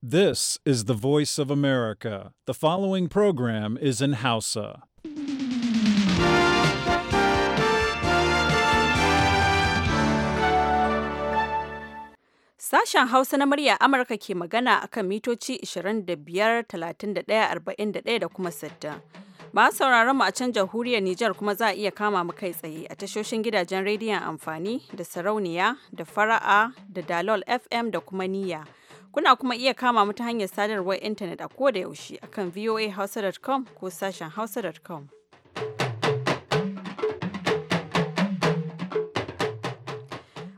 This is the voice of America. The following program is in Hausa. Sashen Hausa na murya Amurka ke magana a kan mitoci 25, 31, 41 da kuma 60. Ba sauraron mu a can jamhuriyar Nijar kuma za a iya kama mu kai tsaye a tashoshin gidajen rediyon amfani da sarauniya da fara'a da dalol FM da kuma niyya. Kuna kuma iya kama mu ta hanyar sadarwar intanet a koda yaushe akan voahausa.com ko sashen hausa.com.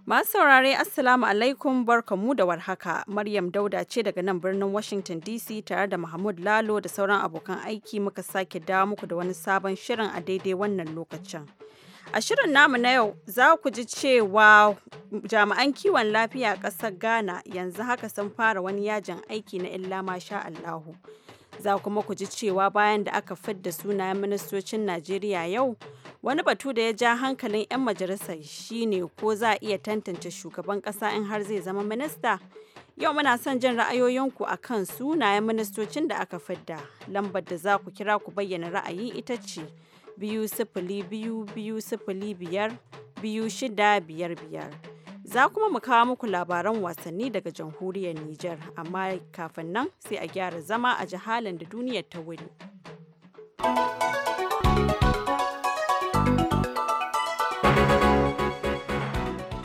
Masu saurare Assalamu alaikum barkamu da warhaka. Maryam Dauda ce daga nan birnin Washington DC tare da Mahmud Lalo da sauran abokan aiki muka sake dawo muku da wani sabon shirin a daidai wannan lokacin. A shirin namu na yau za ku ji cewa jami'an kiwon lafiya a ƙasar Ghana yanzu haka sun fara wani yajin aiki na illa masha Allahu. Za kuma ku ji cewa bayan da aka fidda sunayen ministocin Najeriya yau, wani batu da ya ja hankalin 'yan majalisar shine ko za a iya tantance shugaban ƙasa in har zai zama minista. Yau muna son jin ra'ayoyinku a kan sunayen ministocin da aka fidda. Lambar da za ku kira ku bayyana ra'ayi ita ce biyu sifili biyu biyu sifili biyar biyu shida biyar biyar. Za kuma mu kawo muku labaran wasanni daga jamhuriyar Nijar, amma kafin nan sai a gyara zama a jihalin da duniyar ta wuri.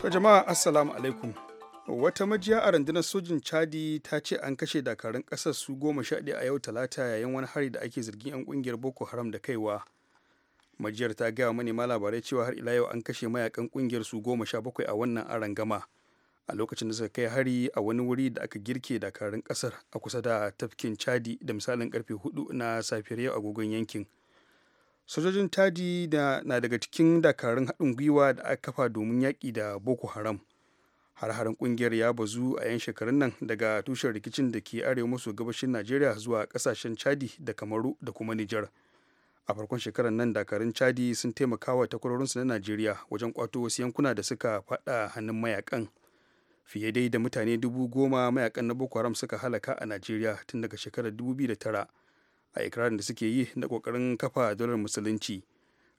ta jama'a assalamu alaikum. Wata majiya a rundunar sojin Chadi ta ce an kashe dakarun kasar su goma sha a yau talata yayin wani hari da ake zargin 'yan ƙungiyar Boko Haram da kaiwa. majiyar ta gaya manema labarai cewa har ila yau an kashe mayakan kungiyar su goma sha bakwai a wannan gama a lokacin da suka kai hari a wani wuri da aka girke dakarun kasar a kusa da tafkin chadi da misalin karfe hudu na safiyar yau agogon yankin sojojin chadi na daga cikin dakarun haɗin gwiwa da aka kafa domin yaƙi da boko haram har-haren kungiyar ya bazu a 'yan shekarun nan daga tushen rikicin da ke arewa maso gabashin najeriya zuwa ƙasashen chadi da kamaru da kuma nijar a farkon shekarar nan dakarun chadi sun taimaka wa takwarorinsu na najeriya wajen kwato wasu yankuna da suka fada hannun mayakan fiye dai da mutane dubu goma mayakan na boko haram suka halaka a najeriya tun daga shekarar 2009 a ikirarin da suke yi na kokarin kafa dalar musulunci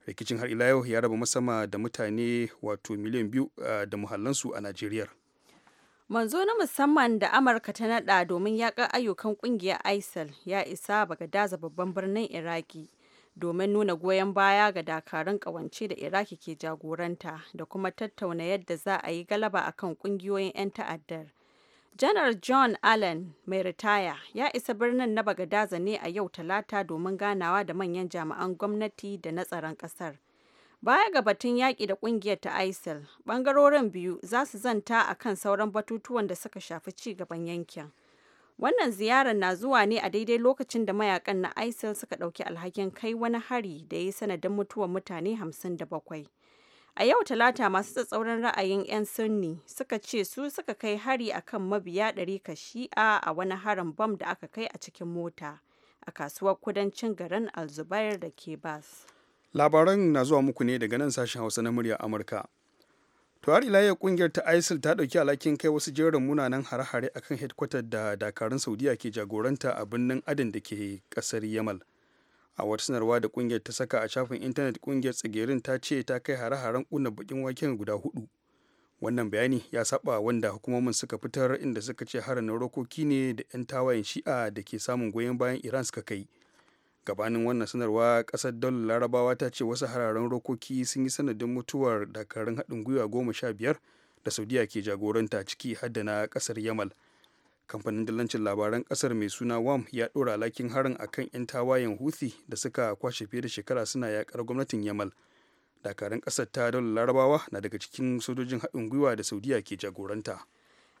rikicin har ila yau ya raba masama da mutane wato miliyan biyu da muhallansu a najeriya manzo na musamman da amurka ta nada domin yaƙar ayyukan ƙungiyar isil ya isa daza babban birnin iraki domin nuna goyon baya ga dakarun ƙawance da iraki ke jagoranta da kuma tattauna yadda za a yi galaba a kan kungiyoyin 'yan ta'addar janar john allen mai ritaya ya isa birnin na bagadaza ne a yau talata domin ganawa da manyan jami'an gwamnati da na tsaron kasar baya ga batun yaƙi da ƙungiyar ta isil ɓangarorin biyu za su zanta akan sauran batutuwan da suka shafi ci gaban yankin Wannan ziyarar na zuwa ne a daidai lokacin da mayakan na ISIL suka ɗauki alhakin kai wani hari da ya yi sanadin mutuwar mutane 57. A yau talata masu tsatsauran ra'ayin 'yan sunni suka ce su suka kai hari a kan mabiya ɗari ka shi'a a wani harin bam da aka kai a cikin mota a kasuwar kudancin garin Alzubair da ke bas. Labaran na zuwa muku ne daga nan sashen Hausa na murya Amurka. to har ila kungiyar ta isil ta dauki alhakin kai wasu jerin munanan hare-hare akan headquarter da dakarun saudiya ke jagoranta a birnin adin da ke kasar yamal a wata sanarwa da kungiyar ta saka a shafin intanet kungiyar tsigirin ta ce ta kai hare-haren kunna bakin waken guda hudu wannan bayani ya saba wanda hukumomin suka fitar inda suka ce harin rokoki ne da 'yan tawayen shi'a da ke samun goyon bayan iran suka kai gabanin wannan sanarwa kasar dalar larabawa ta ce wasu hararen rokoki sun yi sanadin mutuwar dakarun haɗin gwiwa goma sha biyar da saudiya ke jagoranta ciki haddana na kasar yamal kamfanin dillancin labaran kasar mai suna wam ya ɗora lakin harin akan 'yan tawayen huthi da suka kwashe fiye da shekara suna yakar gwamnatin yamal dakarun kasar ta dalar larabawa na daga cikin sojojin haɗin gwiwa da saudiya ke jagoranta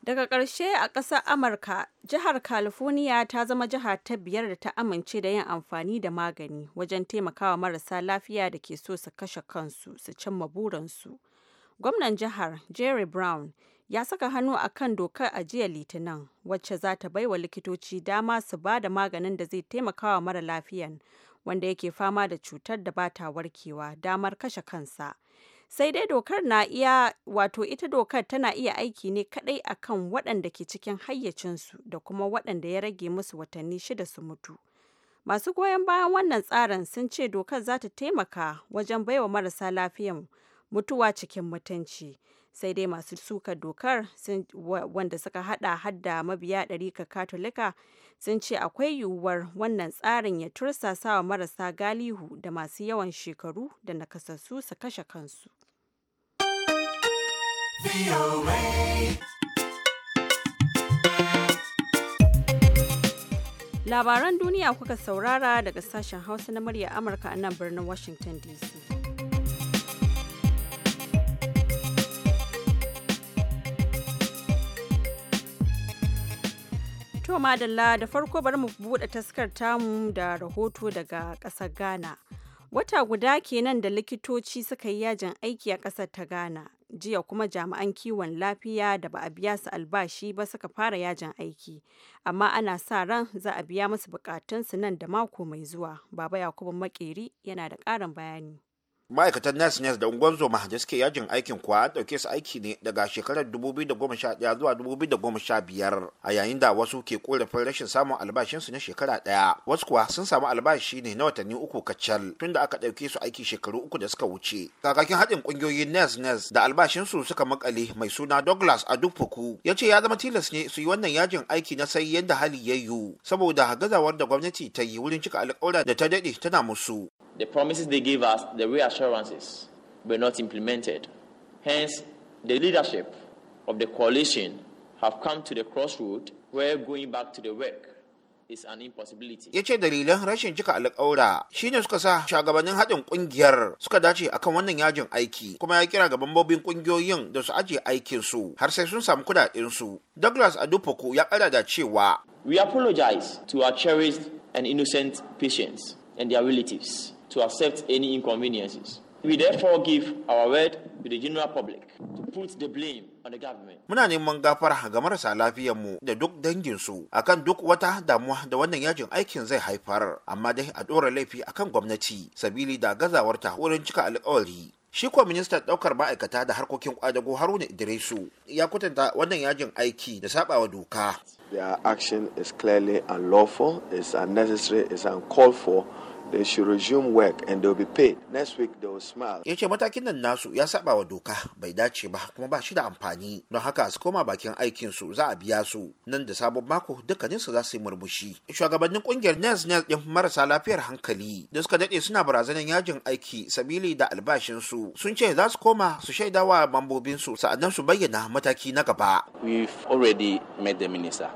Daga ƙarshe a ƙasar Amurka, jihar California ta zama jiha ta biyar da ta amince da yin amfani da magani wajen taimakawa marasa lafiya da ke so su kashe kansu su cimma buransu. Gwamnan jihar Jerry Brown ya saka hannu a kan dokar a jiya Litinin wacce za ta baiwa likitoci dama su ba da maganin da zai taimakawa mara lafiyan wanda yake fama da cutar da ba ta warkewa damar kashe kansa. sai dai dokar na iya wato ita dokar tana iya aiki ne kadai akan waɗanda ke cikin hayyacinsu da kuma waɗanda ya rage musu watanni shida su mutu masu goyon bayan wannan tsarin sun ce dokar za ta taimaka wajen baiwa marasa lafiyan mutuwa cikin mutunci sai dai masu suka dokar wanda suka hada hadda mabiya ɗarika katolika sun ce akwai yiwuwar wannan tsarin ya tursasawa marasa galihu da masu yawan shekaru da nakasassu su kashe kansu labaran duniya kuka saurara daga sashen hausa na murya amurka a nan birnin washington dc To madalla da farko bari mu buɗe taskar tamu da rahoto daga ƙasar Ghana. Wata guda kenan da likitoci suka yi yajin aiki a ƙasar ta Ghana. Jiya kuma jami'an kiwon lafiya da ba a biya su albashi ba suka fara yajin aiki. Amma ana sa ran za a biya musu bukatunsu nan da mako mai zuwa. Baba Yakubu Makeri yana da ƙarin bayani. ma'aikatan nas nas da unguwar zoma da suke yajin aikin kuwa an ɗauke su aiki ne daga shekarar 2011 zuwa 2015 a yayin da wasu ke korafin rashin samun albashinsu na shekara ɗaya wasu kuwa sun samu albashi ne na watanni uku kacal tun da aka ɗauke su aiki shekaru uku da suka wuce kakakin haɗin ƙungiyoyin nas nas da albashinsu suka makale mai suna douglas a fuku ya ce ya zama tilas ne su yi wannan yajin aiki na sai yadda hali ya yiwu saboda gazawar da gwamnati ta yi wurin cika alƙawura da ta daɗe tana musu The promises they gave us, the reassurances, were not implemented. Hence, the leadership of the coalition have come to the crossroad where going back to the work is an impossibility. Ya ce dalilan rashin cika alƙawura shine suka sa shugabannin haɗin ƙungiyar suka dace akan wannan yajin aiki kuma ya kira ga mambobin ƙungiyoyin da su ajiye aikin su har sai sun samu kuɗaɗen su. Douglas adupoku ya ƙara da cewa. We apologize to our cherished and innocent patients and their relatives. to accept any inconveniences. We therefore give our word to the general public to put the blame on the government. Muna neman gafara ga marasa mu da duk danginsu akan duk wata damuwa da wannan yajin aikin zai haifar, amma dai a ɗora laifi akan gwamnati sabili da gazawarta wurin cika alkawari. Shi kuwa ministan ɗaukar ma'aikata da harkokin kwadago Haruna Idrisu ya kwatanta wannan yajin aiki da sabawa doka. Their action is clearly unlawful, is unnecessary, is uncalled for they should resume work and they'll be paid. Next week they will smile. Ya ce matakin nan nasu ya saba wa doka bai dace ba kuma ba shi da amfani don haka su koma bakin aikin su za a biya su nan da sabon mako dukkanin su za su yi murmushi. Shugabannin kungiyar NES NES din marasa lafiyar hankali da suka dade suna barazanar yajin aiki sabili da albashin su sun ce za su koma su shaida wa mambobin su sa'annan su bayyana mataki na gaba. We've already met the minister.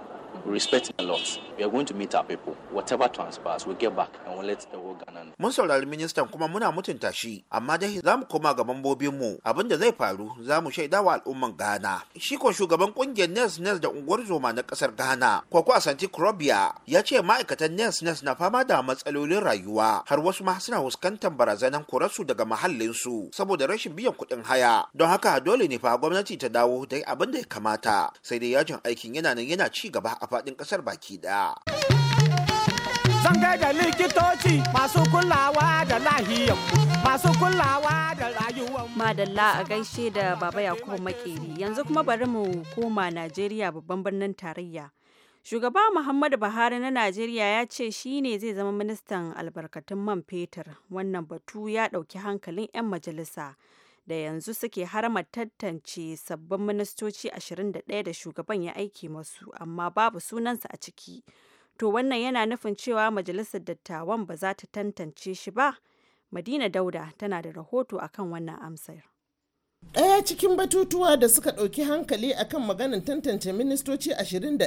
respect a lot. We are going to meet our people. Whatever transpires, we get back and we'll let the whole Ghana Mun saurari ministan kuma muna mutunta shi, amma dai za mu koma ga mambobinmu. Abin da zai faru za mu shaida wa al'umman Ghana. Shi ko shugaban kungiyar Nes Nes da unguwar zoma na kasar Ghana, Kwakwa Santi Krobia, ya ce ma'aikatan Nes Nes na fama da matsalolin rayuwa, har wasu ma suna fuskantar barazanan kurarsu daga su, saboda rashin biyan kuɗin haya. Don haka dole ne fa gwamnati ta dawo dai abin da ya kamata. Sai dai yajin aikin yana nan yana ci gaba a faɗin ƙasar baki ɗaya. Zan gaida likitoci masu kulawa da lahiyar masu kulawa da rayuwar Madalla a gaishe da Baba Yakubu Makeri yanzu kuma bari mu koma Najeriya babban birnin tarayya. Shugaba Muhammadu Buhari na Najeriya ya ce shi ne zai zama ministan albarkatun man fetur. Wannan batu ya ɗauki hankalin 'yan majalisa. da yanzu suke harama tantance sabbin ministoci 21 da shugaban ya aiki masu amma babu sunansa a ciki to wannan yana nufin cewa majalisar dattawan ba za ta tantance shi ba madina dauda tana da rahoto akan wannan amsar Ɗaya cikin batutuwa da suka ɗauki hankali a kan maganin tantance ministoci 21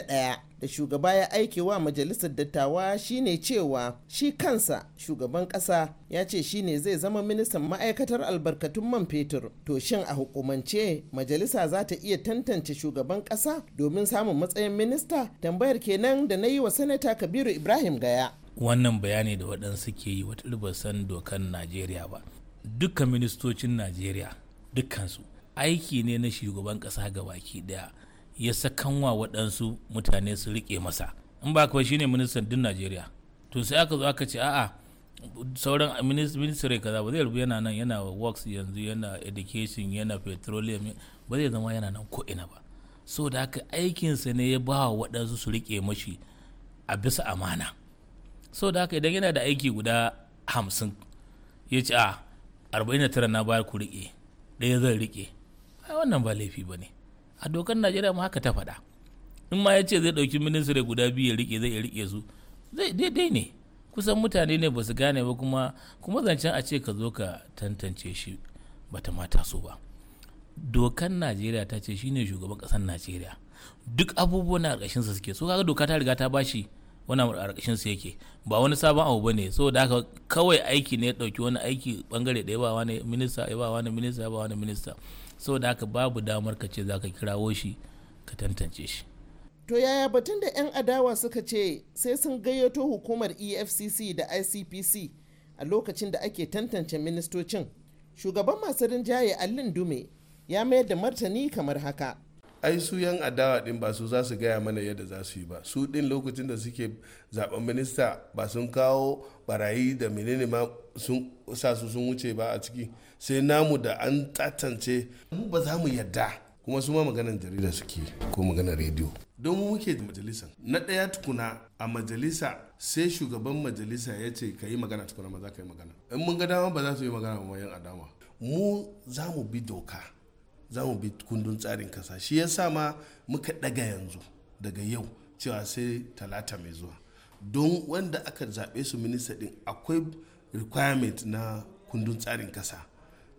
da shugaba ya aike wa majalisar dattawa shine cewa shi kansa shugaban ƙasa ya ce shine zai zama ministan ma'aikatar albarkatun man fetur. To shin a hukumance majalisa za ta iya tantance shugaban ƙasa domin samun matsayin minista? Tambayar kenan da na yi wa sanata Kabiru Ibrahim Gaya. Wannan bayani da waɗansu ke yi wata dokan Najeriya ba. Dukkan ministocin Najeriya dukkansu aiki ne na shugaban kasa ga baki daya ya sakanwa waɗansu mutane su riƙe masa in ba kawai shine ministan din najeriya to sai aka zo aka ce a'a sauran ministry kaza ba zai rubu yana nan yana works yanzu yana education yana petroleum ba zai zama yana nan ko'ina ba so da haka aikinsa ne ya ba waɗansu su riƙe mashi a bisa amana so da haka idan yana da aiki guda hamsin ya ce a 49 na bayar ku riƙe ɗaya zan riƙe ai wannan ba laifi ba ne a dokar najeriya ma haka ta faɗa in ma ya ce zai ɗauki ministire guda biyu ya riƙe zai iya riƙe su zai daidai ne kusan mutane ne ba su gane ba kuma kuma zancen a ce ka zo ka tantance shi ba ta mata so ba dokar najeriya ta ce shine shugaban ƙasar najeriya duk abubuwan na ƙarshen suke so kaga doka ta riga ta bashi wannan a su yake ba wani sabon abu bane saboda haka kawai aiki ne ya ɗauki wani aiki bangare da ya ba wani minista ya ba wani minista ya ba wani minista saboda haka babu damar ka ce za ka kirawo shi ka tantance shi to yaya batun da 'yan adawa suka ce sai sun gayyato hukumar efcc da icpc a lokacin da ake tantance ministocin shugaban masu rinjaye allin dume ya mayar da martani kamar haka ai su yan adawa din ba su za su gaya mana yadda za su yi ba su din lokacin da suke zaben minista ba sun kawo barayi da menene ma sun sa su sun wuce ba a ciki sai namu da an tatance mu ba za mu yadda kuma su ma maganar jarida suke ko maganar rediyo don muke majalisa na ɗaya tukuna a majalisa sai shugaban majalisa ya ce ka yi magana tukuna ma za ka yi magana in mun ga dama ba za su yi magana ba yan adama mu za mu bi doka za mu bi kundin tsarin kasa shi ya sa ma muka ɗaga yanzu daga yau cewa sai talata mai zuwa don wanda aka zaɓe su minista ɗin akwai requirement na kundin tsarin kasa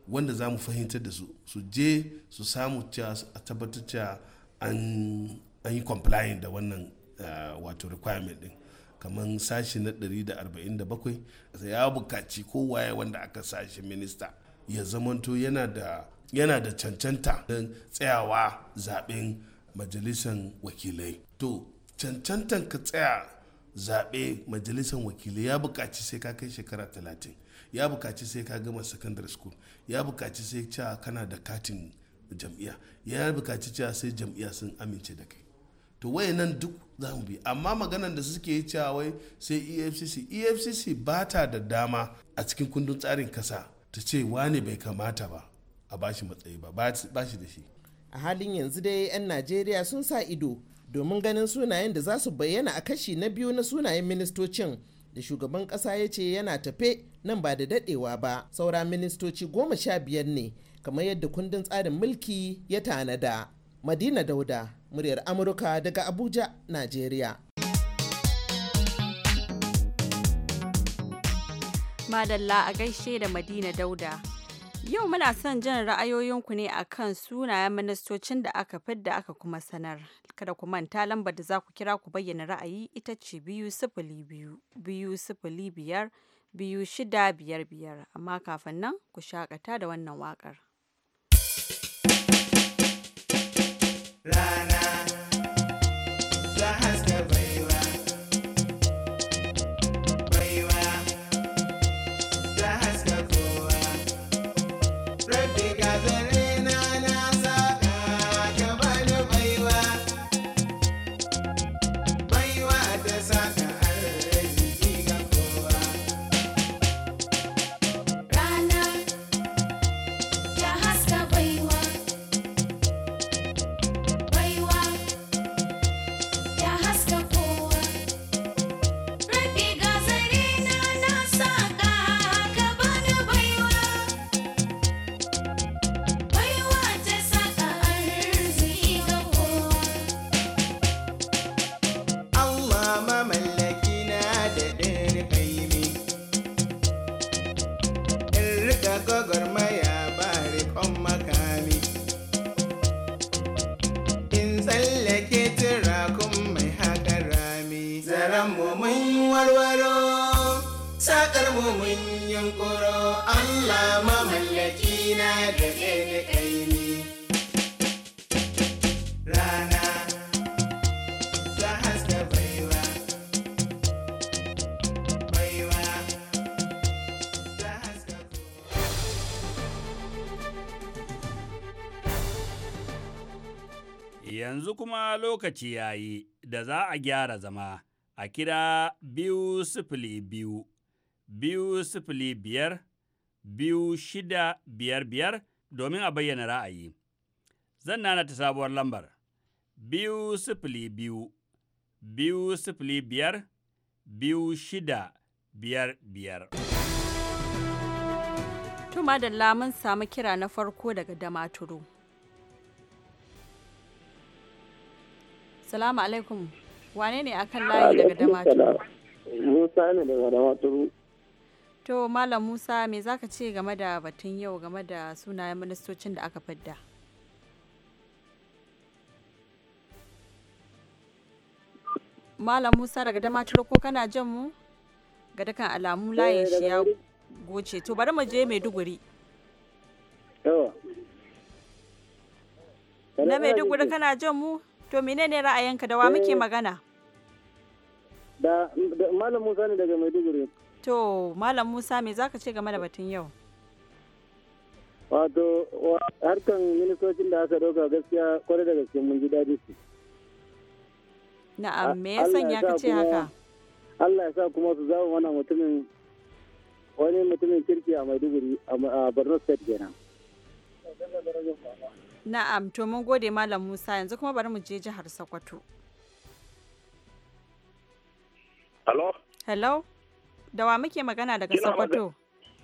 wanda za mu fahimtar da su su je su samu cewa a tabbatar cewa an yi complying da wannan eh, wato requirement ɗin kamar sashi na 147 ya bukaci kowaye wanda aka sashi minista ya zamanto yana da yana da cancanta don tsayawa zaben majalisar wakilai to cancantan ka tsaya zaɓe majalisar wakilai ya buƙaci sai ka kai shekara talatin ya buƙaci sai ka gama secondary school ya buƙaci sai cewa kana da katin jam'iya ya buƙaci cewa sai jam'iyya sun amince da kai to nan duk za mu bi amma maganar da suke yi cewa wai sai efcc efcc ba ta da dama a cikin kundin tsarin kasa ta ce wane bai kamata ba a bashi matsayi ba ba shi da shi a halin yanzu dai 'yan najeriya sun sa ido domin ganin sunayen da za su bayyana a kashi na biyu na sunayen ministocin da shugaban kasa ya ce yana tafe nan ba da dadewa ba saura ministoci goma sha biyar ne kamar yadda kundin tsarin mulki ya tanada madina dauda muryar amurka daga abuja najeriya madalla a gaishe da madina dauda Yau muna son jin ra'ayoyinku ne a kan sunayen ministocin da aka fidda aka kuma sanar. Kada ku manta lambar da za ku kira ku bayyana ra'ayi ita ce biyu sifili biyu, biyu sifili biyar, biyu shida biyar biyar. Amma kafin nan ku shakata da wannan waƙar. Rana saga garma lokaci ya yi da za a gyara zama a kira biyu sifili biyu, biyu sifili biyar, biyu shida biyar biyar domin a bayyana ra'ayi. Zan nana ta sabuwar lambar, biyu sifili biyu, biyu sifili biyar, biyu shida biyar biyar. Tuma da lamun samu kira na farko daga Damaturu. Salamu alaikum. Wane ne akan layi daga Damaturu? Musa ne daga Damaturu. To Malam Musa me zaka ce game da batun yau game da sunayen ministocin da aka fidda? Malam Musa daga Damaturu ko kana jan mu? Ga dukan alamu eh, layin shi ya goce. To bari mu je Maiduguri. Na Maiduguri kana jan mu? To menene ra'ayinka da wa muke eh. magana? Da, Malam Musa ne daga Maiduguri. To Malam Musa me zaka ce game da batun yau? Wato harkan ministocin da aka dauka gaskiya kwarai da gaske mun ji daɗi su. Na'am me ya ka ce haka? Allah ya sa kuma su zama wannan mutumin wani mutumin kirki a Maiduguri a Borno State kenan. Na'am, to mun gode Malam Musa yanzu kuma bari mu je jihar Sokoto. Hello? Hello? Da wa muke magana daga Sokoto?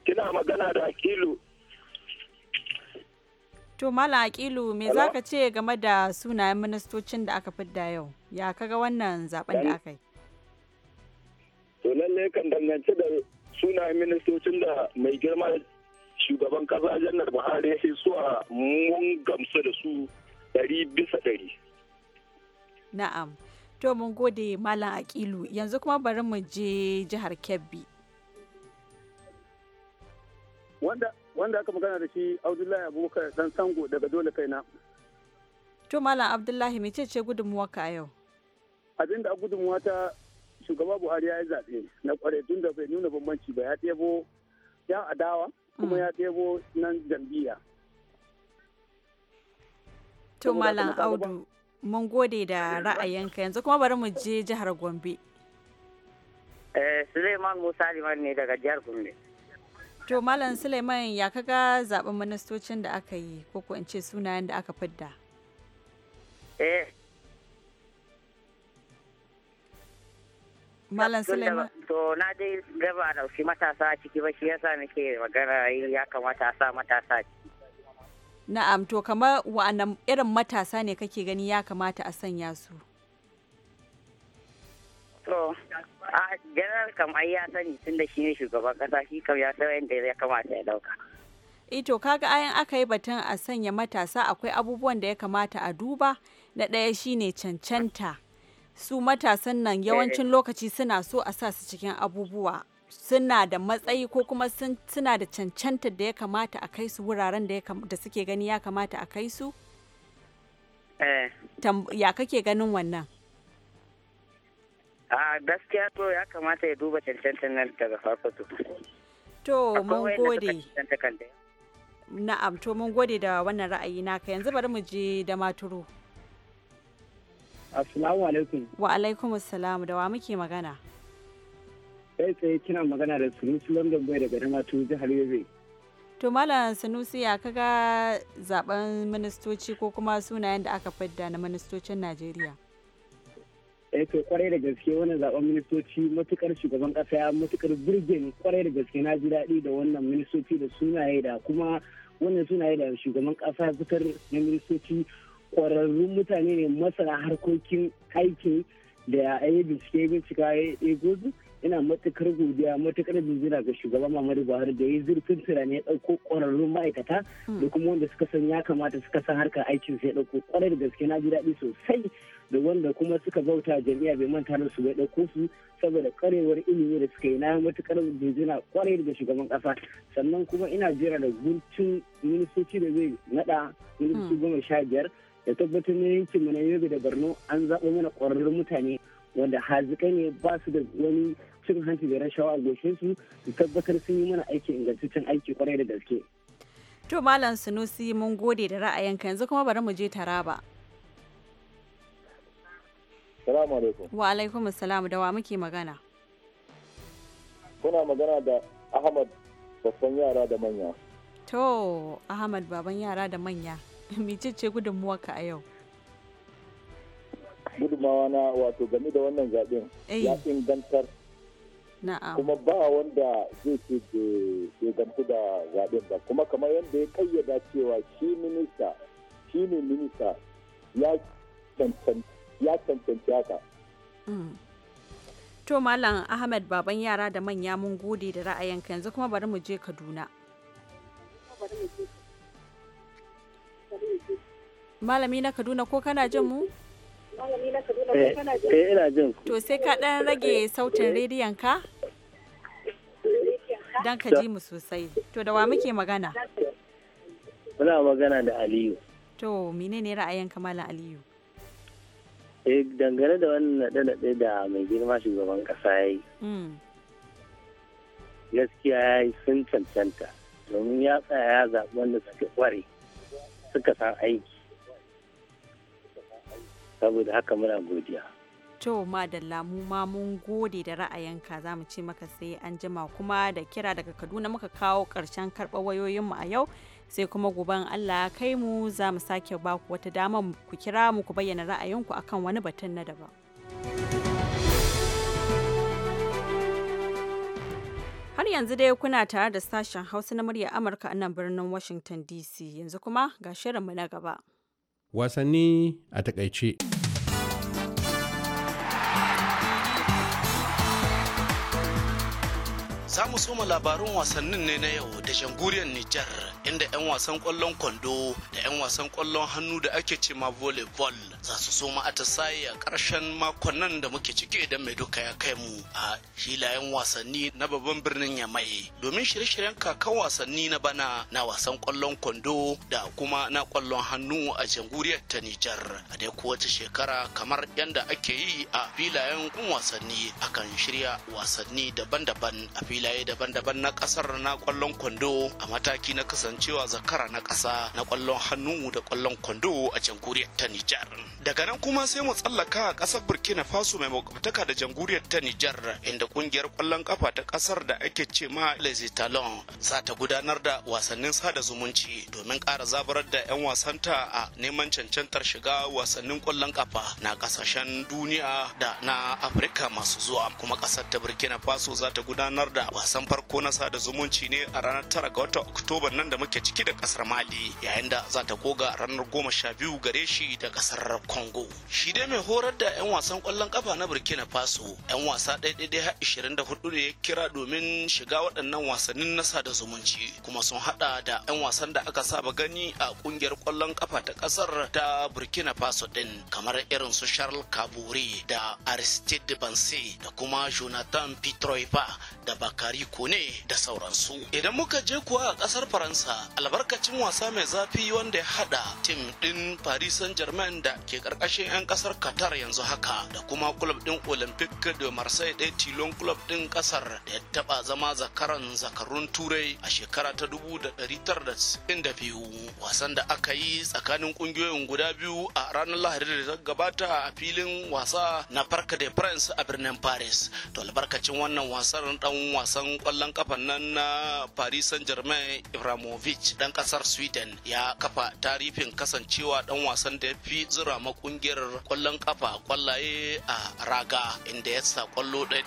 Kina magana da Akilu. To Malam Akilu, me za ka ce game da sunayen ministocin da aka fidda yau? Ya kaga wannan zaben da aka yi? To lalle kan dangance da sunayen ministocin da mai girma shugaban kasa janar buhari ya su a mun gamsu da su ɗari bisa ɗari na'am to mun gode malam akilu yanzu kuma bari mu je jihar kebbi wanda wanda aka magana da shi abdullahi abubakar dan sango daga dole kaina to malam abdullahi mece ce gudunmuwa ka yau abinda a gudunmuwa ta shugaba buhari ya yi zaɓe na kware tun da bai nuna bambanci ba ya ɗebo yan adawa kuma mm. ya ɗebo nan jam'iyya. To Malam Audu, mun gode da ra'ayinka yanzu kuma bari mu je jihar Gombe. Eh, Suleiman Musa Liman ne daga jihar Gombe. To Malam Suleiman ya kaga zaben ministocin da aka yi ko ko in ce sunayen da aka fidda? Eh, Malam Suleiman. To na dai gaba da shi matasa ciki ba shi yasa nake magana ya kamata a sa matasa ciki. Na'am to kamar wa'annan irin matasa ne kake gani ya kamata a sanya su? To, a janar kam ai ya sani tun da shi ne shugaban kasa shi kam ya san yadda ya kamata ya dauka. Ito e kaga ayan aka yi batun a sanya matasa akwai abubuwan da ya kamata a duba na ɗaya shine cancanta. su matasan nan eh. yawancin lokaci suna so a sa su cikin abubuwa suna da matsayi ko kuma suna da cancanta da ya kamata a kai su wuraren da suke gani ya kamata a kai su? Eh. Ya kake ganin wannan? A gaskiya to ya kamata ya duba cancanta nan daga farko To mun gode. Na'am to mun gode da wannan ra'ayi naka yanzu bari mu je da maturu. Assalamu alaikum. Wa alaikum assalam da wa muke magana? Kai tsaye kina magana da Sunusi London Boy daga Ramatu jihar Yobe. To Malam Sunusi ya kaga zaben ministoci ko kuma sunayen da aka fadda na ministocin Najeriya? Eh to kwarai da gaske wannan zaben ministoci matukar shugaban kasa ya matukar birgin kwarai da gaske na ji daɗi da wannan ministoci da sunaye da kuma wannan sunaye da shugaban kasa fitar na ministoci ƙwararrun mutane ne masana harkokin aikin da ya ayi bincike bincika ya yi su ina matukar godiya matukar jinjina ga shugaban Muhammadu Buhari da ya zurfin tunani ya ɗauko ƙwararrun ma'aikata hmm. da kuma wanda suka san ya kamata suka san harkar aikin sai ɗauko ƙwarai da gaske na ji daɗi sosai da wanda kuma suka bauta jami'a bai manta da su bai ɗauko su saboda ƙwarewar ilimi da suka yi na matukar jinjina ƙwarai da shugaban ƙasa sannan kuma ina jira da guntun ministoci da zai naɗa ministoci goma sha biyar da tabbatar na yanki mu na yobe da borno an zaɓa mana ƙwararrun mutane wanda hazika ne ba su da wani cin hanci da rashawa a goshe su su tabbatar sun yi mana aiki ingantaccen aiki kwarai da gaske. To Malam Sunusi mun gode da ra'ayinka yanzu kuma bari mu je Taraba. Salamu alaikum. Wa alaikum salam da wa muke magana. Kuna magana da Ahmad babban yara da manya. To Ahmad baban yara da manya. mecece ka a yau gudunmawa na wato game da wannan zaɓen eh. ya ingantar kuma ba wanda zai ce da gamsu da zaɓen ba kuma kamar yadda ya kayyada cewa shi minista shi ne minista ya cancanci haka mm. to malam ahmed baban yara da manya mun gode da ra'ayinka yanzu kuma bari mu je kaduna malami na kaduna ko kana jin mu malami na kaduna ko eh, kana jin eh ina jin to sai ka dan rage sautin rediyon ka dan ka ji mu sosai to da wa muke magana muna magana da aliyu to menene ra'ayinka malam aliyu eh dangane da wannan naɗe-naɗe da mai girma shugaban kasa ya yi mm. gaskiya ya yi sun cancanta domin ya tsaya ya zaɓi wanda suke ƙware suka san aiki saboda haka muna godiya to madalla mu ma mun gode da ra'ayinka za mu ce maka sai an jima kuma da kira daga kaduna muka kawo ƙarshen karɓar wayoyinmu a yau sai kuma guban allah kai mu za mu sake baku wata dama ku kira mu ku bayyana ra'ayinku akan wani batun na daban Har yanzu dai kuna tare da sashen Hausa na murya Amurka a nan birnin Washington DC. Yanzu kuma ga shirinmu na gaba. Wasanni a takaice. Za mu soma labarun wasannin ne na yau da jamhuriyar Nijar. inda 'yan wasan kwallon kwando da 'yan wasan kwallon hannu da ake ce ma volleyball za su so ma atisaye a ƙarshen makon nan da muke cike idan mai duka ya kai mu a filayen wasanni na babban birnin yamai domin shirye-shiryen kakan wasanni na bana na wasan kwallon kwando da kuma na kwallon hannu a jamhuriyar ta nijar a dai kowace shekara kamar yadda ake yi a filayen kun wasanni akan shirya wasanni daban-daban a filaye daban-daban na ƙasar na kwallon kwando a mataki na kasar kasancewa zakara na ƙasa na ƙwallon hannu da ƙwallon kwando a jamhuriyar ta Nijar. Daga nan kuma sai mu tsallaka a ƙasar Burkina Faso mai makwabtaka da jamhuriyar ta Nijar inda ƙungiyar ƙwallon kafa ta ƙasar da ake ce ma Les talon za ta gudanar da wasannin sada zumunci domin ƙara zabarar da 'yan wasanta a neman cancantar shiga wasannin ƙwallon kafa. na ƙasashen duniya da na Afirka masu zuwa kuma ƙasar ta Burkina Faso za ta gudanar da wasan farko na sada zumunci ne a ranar tara ga watan Oktoba nan da muke ciki da kasar mali yayin da za ta goga ranar goma sha biyu gare shi da kasar congo shi dai mai horar da 'yan wasan kwallon kafa na burkina faso 'yan wasa ɗaya har ishirin da hudu ne ya kira domin shiga waɗannan wasannin na da zumunci kuma sun haɗa da 'yan wasan da aka saba gani a ƙungiyar kwallon kafa ta ƙasar ta burkina faso ɗin kamar irin su charles kabore da aristide banse da kuma jonathan petroiva da bakari kone da sauransu idan muka je kuwa a ƙasar faransa haka albarkacin wasa mai zafi wanda ya hada tim din Paris Saint-Germain da ke karkashin 'yan kasar Qatar yanzu haka da kuma club din olympic de Marseille ɗaya tilon club din kasar da ya taba zama zakaran zakarun turai a shekara ta 1992 wasan da aka yi tsakanin kungiyoyin guda biyu a ranar Lahadi da ta gabata a filin wasa na Parc de Prince a birnin Paris to albarkacin wannan wasan dan wasan kwallon kafan nan na Paris Saint-Germain Ibrahimovic Ibrahimovic dan kasar Sweden ya kafa tarifin kasancewa dan wasan da ya fi zura ma kungiyar kwallon kafa kwallaye a raga inda ya sa kwallo ɗaya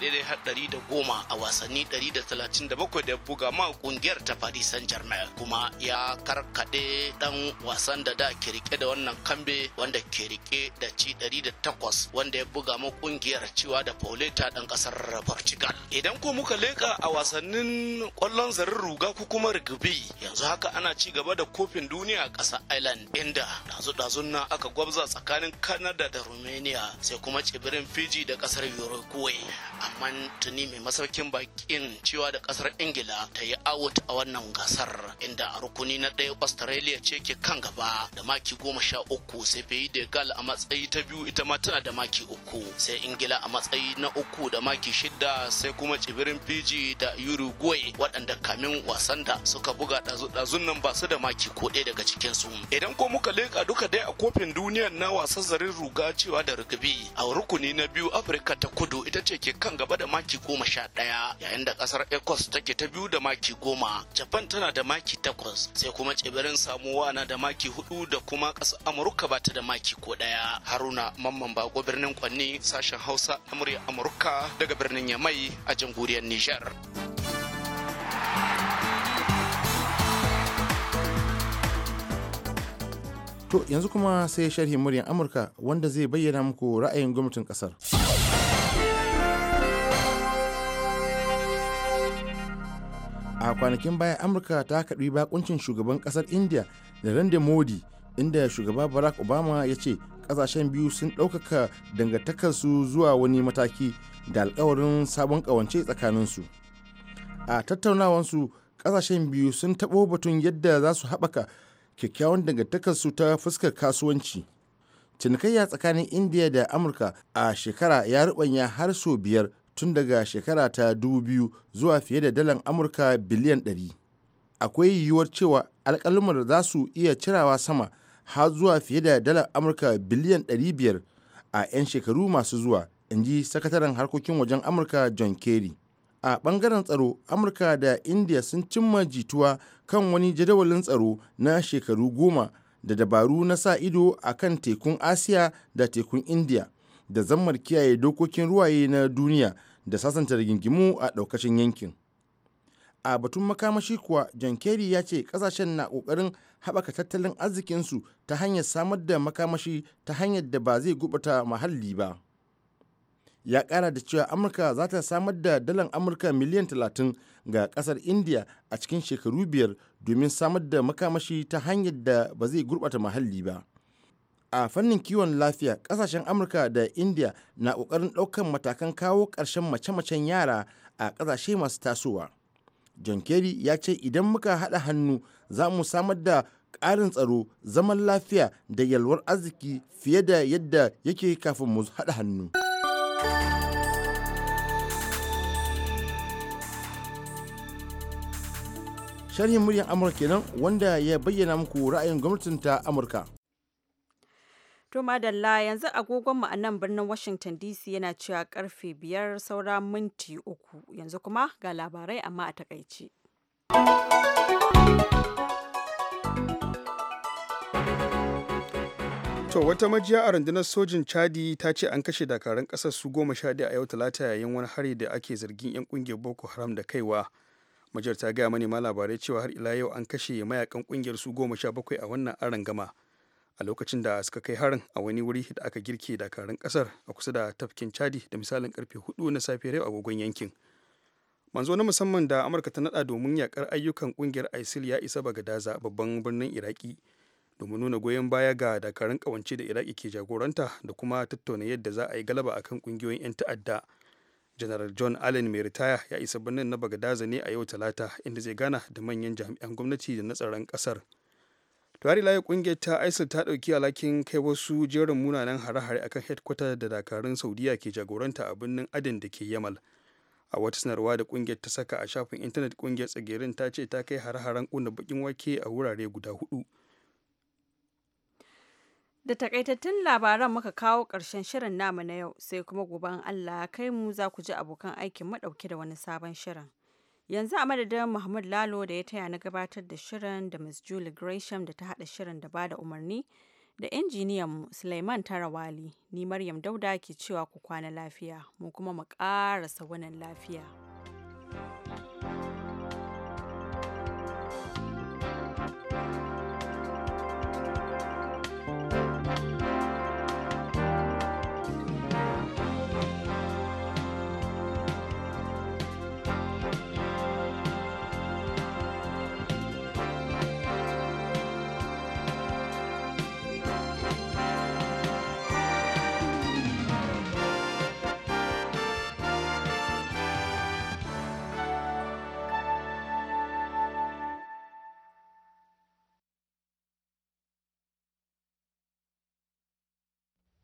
da goma a wasanni 137 da talatin da bakwai ya buga ma kungiyar ta Paris Saint-Germain kuma ya karkade dan wasan da da ke rike da wannan kambe wanda ke rike da ci 108 wanda ya buga ma kungiyar cewa da Pauleta dan kasar Portugal. Idan ko muka leka a wasannin kwallon zarin ruga ko kuma rugby yanzu yanzu haka ana ci gaba da kofin duniya a ƙasar Ireland inda dazu-dazun nan aka gwabza tsakanin Canada da Romania sai kuma tsibirin Fiji da ƙasar Uruguay. Amma tuni mai masaukin bakin cewa da ƙasar Ingila ta yi out a wannan gasar inda a rukuni na ɗaya Australia ce ke kan gaba da maki goma sha uku sai Fayi da Gal a matsayi ta biyu ita ma tana da maki uku sai Ingila a matsayi na uku da maki shida sai kuma tsibirin Fiji da Uruguay waɗanda kamin wasan da suka buga ɗazu ɗazun nan ba su da maki ko ɗaya daga cikin su idan ko muka leƙa duka dai a kofin duniyar na wasan zarin ruga cewa da rugby a rukuni na biyu afirka ta kudu ita ce ke kan gaba da maki goma sha ɗaya yayin da ƙasar ecos take ta biyu da maki goma japan tana da maki takwas sai kuma tsibirin samuwa na da maki hudu da kuma ƙasar amurka ba ta da maki ko ɗaya haruna mamman bako birnin kwanni sashen hausa na murya amurka daga birnin yamai a jamhuriyar nijar. To yanzu kuma sai sharhin muryar Amurka wanda zai bayyana muku ra'ayin gwamnatin kasar. A kwanakin baya Amurka ta kaɗi bakuncin shugaban kasar India Narendra Modi inda shugaba Barack Obama ya ce ƙasashen biyu sun ɗaukaka dangantakarsu zuwa wani mataki da alkawarin sabon ƙawance tsakaninsu. A tattaunawansu ƙasashen biyu sun taɓo batun yadda za su haɓaka kyakkyawan daga dangantakarsu ta fuskar kasuwanci cinikayya tsakanin indiya da amurka a shekara ya rubanya har sau biyar tun daga shekara ta dubu biyu zuwa fiye da dalar amurka biliyan ɗari, akwai yiwuwar cewa alkalmar za su iya cirawa sama har zuwa fiye da dalar amurka biliyan ɗari biyar a 'yan shekaru masu zuwa inji sakataren harkokin wajen amurka john kerry a bangaren tsaro amurka da india sun cimma jituwa kan wani jadawalin tsaro na shekaru goma da dabaru na sa ido a kan tekun asiya da tekun indiya da zammar kiyaye dokokin ruwaye na duniya da sasanta rigingimu a daukacin yankin a batun makamashi kuwa john kerry ya ce kasashen na kokarin haɓaka tattalin arzikinsu ta hanyar samar da makamashi ta hanyar da ba zai gubata muhalli ba ya kara da cewa amurka za ta samar da dalar amurka miliyan 30 ga kasar indiya a cikin shekaru biyar domin samar da makamashi ta hanyar da ba zai gurbata muhalli ba a fannin kiwon lafiya kasashen amurka da indiya na kokarin ɗaukar matakan kawo ƙarshen mace-macen yara a ƙasashe masu tasowa john kerry ya ce idan muka haɗa hannu za mu samar da ƙarin tsaro zaman lafiya da yalwar arziki fiye da yadda yake kafin mu haɗa hannu. sharhin muryar amurka kenan wanda ya bayyana muku ra'ayin gwamnatin ta amurka to madalla yanzu agogonmu a nan birnin washington dc yana cewa karfe biyar saura minti uku yanzu kuma ga labarai amma a takaici. To wata majiya a rundunar sojin Chadi ta ce an kashe dakarun ƙasar su goma sha a yau talata yayin wani hari da ake zargin 'yan ƙungiyar Boko Haram da kaiwa. Majiyar ta gaya manema labarai cewa har ila yau an kashe mayakan ƙungiyar su goma sha bakwai a wannan aron gama. A lokacin da suka kai harin a wani wuri da aka girke dakarun kasar a kusa da tafkin Chadi da misalin karfe hudu na safiyar yau agogon yankin. Manzo na musamman da Amurka ta nada domin yakar ayyukan ƙungiyar ISIL ya isa Bagadaza babban birnin Iraki. domin nuna goyon baya ga dakarun kawance da iraki ke jagoranta da kuma tattauna yadda za a yi galaba a kan kungiyoyin 'yan ta'adda general john allen mai ritaya ya isa birnin na bagadaza ne a yau talata inda zai gana da manyan jami'an gwamnati da na tsaron kasar tuwari layi kungiyar ta isil ta ɗauki alhakin kai wasu jerin munanan hare-hare akan headquarter da dakarun saudiya ke jagoranta a birnin adin da ke yamal a wata sanarwa da ƙungiyar ta saka a shafin intanet kungiyar tsagerin ta ce ta kai hare-haren kuna bakin wake a wurare guda hudu Da takaitattun labaran muka kawo ƙarshen shirin namu na yau sai kuma gobe Allah kai mu za ku ji abokan aikin mu ɗauke da wani sabon shirin. Yanzu a madadin Mahmud Lalo da ya taya na gabatar da shirin da Ms. Julie Gresham da ta haɗa shirin da bada umarni da injiniyan mu Suleiman Tarawali ni Maryam Dauda ke cewa ku kwana lafiya mu kuma mu ƙarasa wannan lafiya.